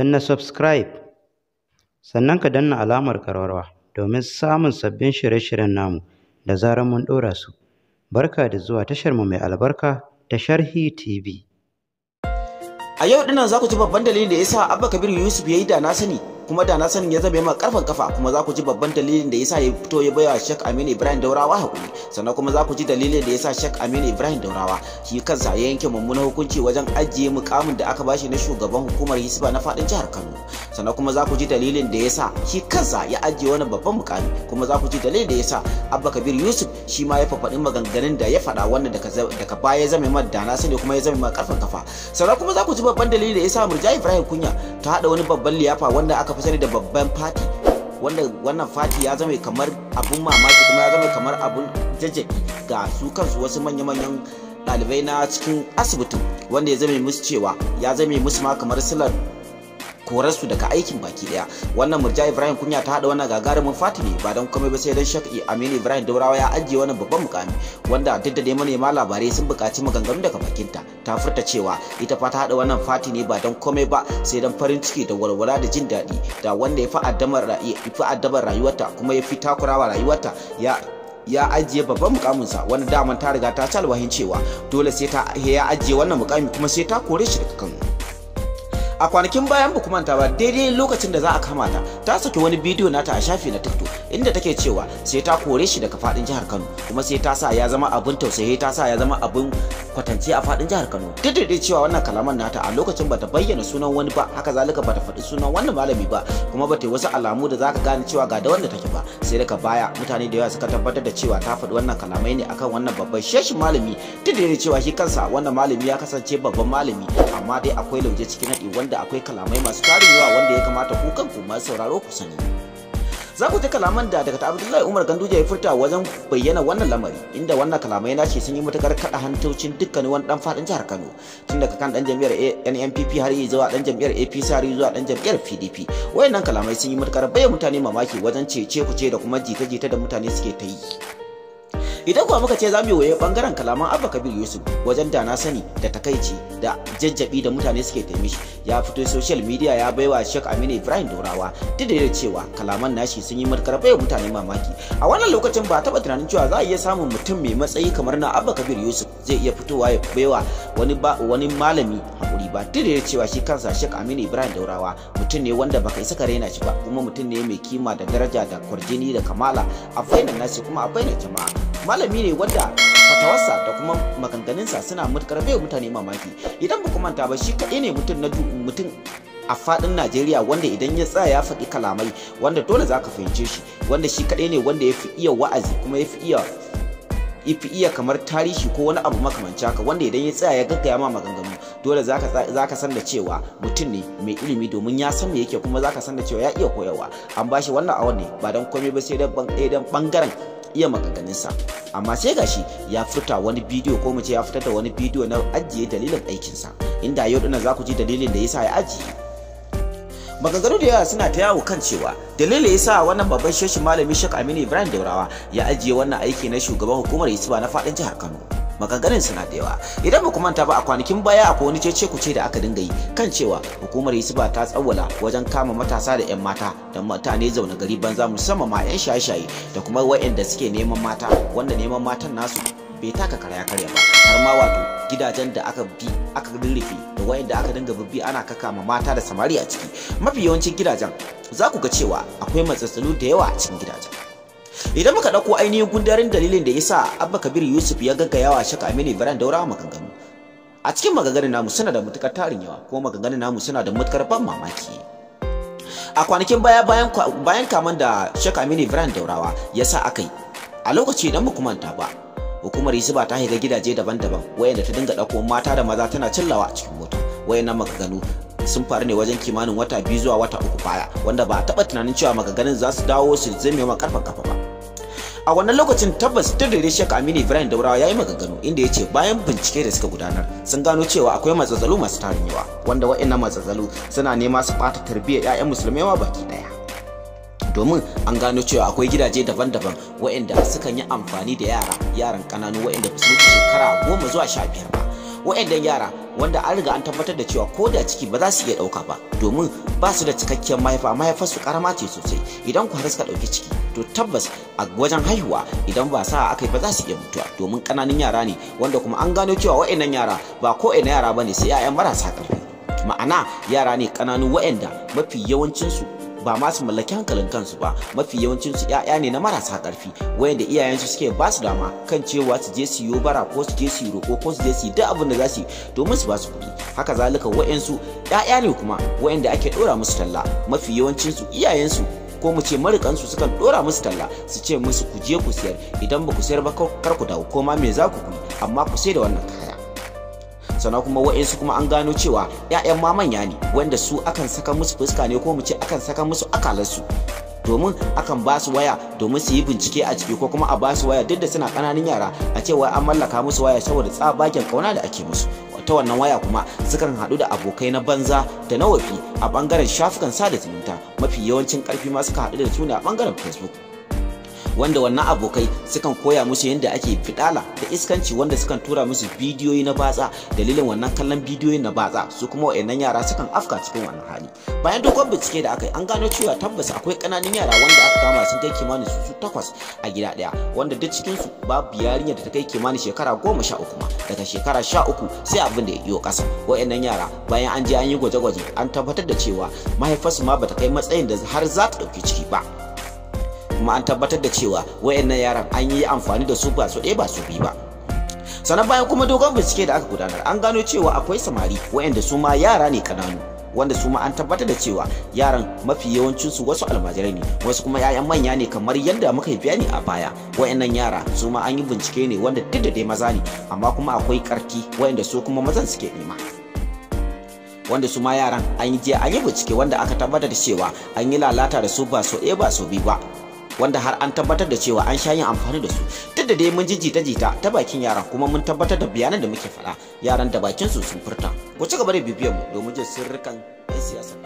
na subscribe sannan ka danna alamar karwarwa domin samun sabbin shirye-shiryen namu da zarar mun ɗora su barka da zuwa tashar mu mai albarka ta sharhi tv a yau dinan za ku ji babban dalilin da yasa abba kabir yusuf ya yi da na sani kuma da na sanin ya zabe ma karfan kafa kuma za ku ji babban dalilin da yasa ya fito ya baiwa Sheikh Aminu Ibrahim Daurawa hakuri sannan kuma za ku ji dalilin da yasa Sheikh Aminu Ibrahim Daurawa shi kansa ya yanke mummunan hukunci wajen ajiye mukamin da aka bashi na shugaban hukumar Hisba na fadin jihar Kano sannan kuma za ku ji dalilin da yasa shi kansa ya ajiye wani babban mukami kuma za ku ji dalilin da yasa Abba Kabir Yusuf shi ma ya faɗi maganganun da ya faɗa wannan daga baya ya zame ma da na sani kuma ya zame ma karfan kafa sannan kuma za ku ji babban dalilin da yasa Murja Ibrahim Kunya ta hada wani babban liyafa wanda aka aka fi sani da babban fati wanda wannan fati ya zama kamar abun mamaki kuma ya zama kamar abun jaje ga su kansu wasu manya-manyan ɗalibai na cikin asibitin wanda ya zama musu cewa ya zama musu ma kamar silar su daga aikin baki daya wannan murja ibrahim kunya ta hada wannan gagarumin fatimi ba don komai ba sai don shakki aminu ibrahim daurawa ya ajiye wannan babban mukami wanda duk da dai ma labarai sun buƙaci maganganu daga bakinta ta furta cewa ita fa ta hada wannan fati ne ba don komai ba sai don farin ciki da walwala da jin daɗi da wanda ya fi addabar rayuwarta kuma ya fi takurawa rayuwarta ya ya ajiye babban mukaminsa wani daman ta riga ta ci cewa dole sai ta ya ajiye wannan mukami kuma sai ta kore shi daga kan a kwanakin bayan ba manta ba daidai lokacin da za a kama ta ta saki wani bidiyo nata a shafi na tiktok inda take cewa sai ta kore shi daga fadin jihar kano kuma sai ta sa ya zama abin tausayi ta sa ya zama abin kwatance a fadin jihar kano duk da cewa wannan kalaman nata a lokacin bata bayyana sunan wani ba haka zalika bata faɗi sunan wannan malami ba kuma bata yi wasu alamu da zaka gane cewa ga da wanda take ba sai daga baya mutane da yawa suka tabbatar da cewa ta faɗi wannan kalamai ne akan wannan babban sheshin malami duk da cewa shi kansa wannan malami ya kasance babban malami amma dai akwai lauje cikin haɗi wanda da akwai kalamai masu tarin yawa wanda ya kamata ku kanku masu sauraro ku sani za ku ji kalaman da daga Abdullahi Umar Ganduje ya furta wajen bayyana wannan lamari inda wannan kalamai na ce sun yi matukar kaɗa hantocin dukkanin wani dan fadin jihar Kano tun daga kan dan jam'iyyar NNPP har yi zuwa dan jam'iyyar APC har zuwa dan jam'iyyar PDP wayannan kalamai sun yi matukar bayyana mutane mamaki wajen cece kuce da kuma jita-jita da mutane suke ta yi idan kuwa muka ce za mu yi waye bangaren kalaman abba kabir yusuf wajen da na sani da takaici da jajjabi da mutane suke taimi shi ya fito social media ya baiwa shek aminu ibrahim dorawa duk da cewa kalaman nashi sun yi matukar baiwa mutane mamaki a wannan lokacin ba taba tunanin cewa za a iya samun mutum mai matsayi kamar na abba kabir yusuf zai iya fitowa ya baiwa wani ba wani malami hakuri ba duk da cewa shi kansa shek aminu ibrahim daurawa mutum ne wanda baka isa kare raina shi ba kuma mutum ne mai kima da daraja da kwarjini da kamala a fainan nashi kuma a fainan jama'a malami ne wanda fatawarsa da kuma maganganunsa suna matukar bai mutane mamaki idan ba manta ba shi kaɗai ne mutum na mutum a faɗin Najeriya wanda idan ya tsaya ya faɗi kalamai wanda dole za ka fahimce shi wanda shi kaɗai ne wanda ya fi iya wa'azi kuma ya fi iya ifi iya kamar tarihi ko wani abu makamanci haka wanda idan ya tsaya ya gaggaya ma maganganu dole za ka san da cewa mutum ne mai ilimi domin ya san me yake kuma za ka san da cewa ya iya koyawa an shi wannan awon ne ba don komai ba sai dan bangaren eh, iya maganganunsa amma sai gashi ya fita wani bidiyo ko mu ce ya fitar da wani bidiyo na ajiye dalilin aikinsa inda yau dinnan za ku ji dalilin da yasa ya ajiye maganganu da yawa suna ta yawo kan cewa dalili ya sa wannan babban sheshi malami shek aminu ibrahim daurawa ya ajiye wannan aiki na shugaban hukumar isuwa na faɗin jihar kano maganganun suna da yawa idan ba manta ba a kwanakin baya akwai wani cece kuce da aka dinga yi kan cewa hukumar Yusufa ta tsawwala wajen kama matasa da 'yan mata da mutane zaune gari banza musamman ma 'yan shaye-shaye da kuma waɗanda suke neman mata wanda neman matan nasu bai taka karya karya ba har ma wato gidajen da aka bi aka rurrufe da wayanda aka dinga bibbi ana kakama mata da samari a ciki mafi yawancin gidajen za ku ga cewa akwai matsatsalu da yawa a cikin gidajen idan muka dauko ainihin gundarin dalilin da yasa abba kabir yusuf ya wa shaka aminu ibrahim daura maganganu a cikin maganganun namu suna da matukar tarin yawa kuma maganganun namu suna da matukar ban mamaki a kwanakin baya bayan bayan kaman da shaka aminu ibrahim daurawa ya sa aka yi a lokaci idan muku manta ba hukumar isiba ta higa gidaje daban-daban wayanda ta dinga dauko mata da maza tana cillawa a cikin mota wayannan maganganu sun faru ne wajen kimanin wata biyu zuwa wata uku baya wanda ba a taɓa tunanin cewa maganganun za su dawo su zame ma karfan kafa ba a wannan lokacin tabbas tudure shek aminu ibrahim daurawa ya yi maganganu inda ya ce bayan bincike da suka gudanar sun gano cewa akwai matsatsalu masu tarin yawa wanda na matsatsalu suna nema su ɓata tarbiyyar 'ya'yan musulmai ma baki ɗaya domin an gano cewa akwai gidaje daban-daban waɗanda sukan yi amfani da yara yaran ƙananu waɗanda ba su shekara goma zuwa sha biyar ba wa'annan yara wanda an riga an tabbatar da cewa ko da ciki ba za su iya ɗauka ba domin ba su da cikakkiyar mahaifa mahaifar su karama ce sosai idan ku har suka ɗauki ciki to tabbas a wajen haihuwa idan ba sa aka yi ba za su iya mutuwa domin kananun yara ne wanda kuma an gano cewa wa'annan yara ba ko ina yara bane sai 'ya'yan marasa ƙarfi ma'ana yara ne kananu wa'anda mafi yawancinsu ba ma su mallaki hankalin kansu ba mafi yawancin su ƴaƴa ne na marasa ƙarfi wayanda iyayensu suke ba su dama kan cewa su je su yi bara ko su je su roko ko su je su duk abin da za su yi domin su ba su kuɗi haka zalika wayansu 'ya'ya ne kuma wayanda ake dora musu talla mafi yawancin su iyayensu ko mu ce marikansu sukan dora musu talla su ce musu ku je ku siyar idan ba ku siyar ba kar ku dawo ko ma me za ku yi amma ku sai da wannan sannan kuma wa'insu kuma an gano cewa 'ya'yan ma manya ne wanda su akan saka musu fuska ne ko mu ce akan saka musu akalansu domin akan ba su waya domin su yi bincike a ciki ko kuma a ba su waya duk da suna ƙananan yara a cewa an mallaka musu waya saboda tsabagen kauna da ake musu ta wannan waya kuma sukan haɗu da abokai na banza da na wafi a ɓangaren shafukan sada zumunta mafi yawancin ƙarfi ma suka haɗu da su ne a ɓangaren facebook wanda wannan abokai sukan koya musu yadda ake fidala da iskanci wanda sukan tura musu bidiyoyi na batsa dalilin wannan kallon bidiyoyi na batsa su kuma wayannan yara sukan afka cikin wannan hali bayan dogon bincike da aka yi an gano cewa tabbas akwai kananun yara wanda aka kama sun kai kimanin su takwas a gida daya wanda duk cikin su babu yarinya da ta kai kimanin shekara goma sha uku ma daga shekara sha uku sai abin da ya iyo ƙasa wayannan yara bayan an je an yi gwaje-gwaje an tabbatar da cewa mahaifarsu ma bata kai matsayin da har za ta ɗauki ciki ba kuma an tabbatar da cewa wayannan yaran an yi amfani da su ba su ɗaya ba su biyu ba sannan bayan kuma dogon bincike da aka gudanar an gano cewa akwai samari wayanda su ma yara ne kananu wanda su ma an tabbatar da cewa yaran mafi yawancinsu wasu almajirai ne wasu kuma 'ya'yan manya ne kamar yadda muka yi bayani a baya wayannan yara su ma an yi bincike ne wanda duk da dai maza ne amma kuma akwai karti wayanda su kuma mazan suke nema wanda su ma yaran an yi jiya an yi bincike wanda aka tabbatar da cewa an yi lalata da su ba so ɗaya ba so biyu ba wanda har an tabbatar da cewa an sha yin amfani da su duk da dai mun ji jita-jita ta bakin yaran kuma mun tabbatar da bayanan da muke faɗa yaran da bakin su sun furta ku ci gaba da bibiyan mu domin jin sirrikan 'yan siyasa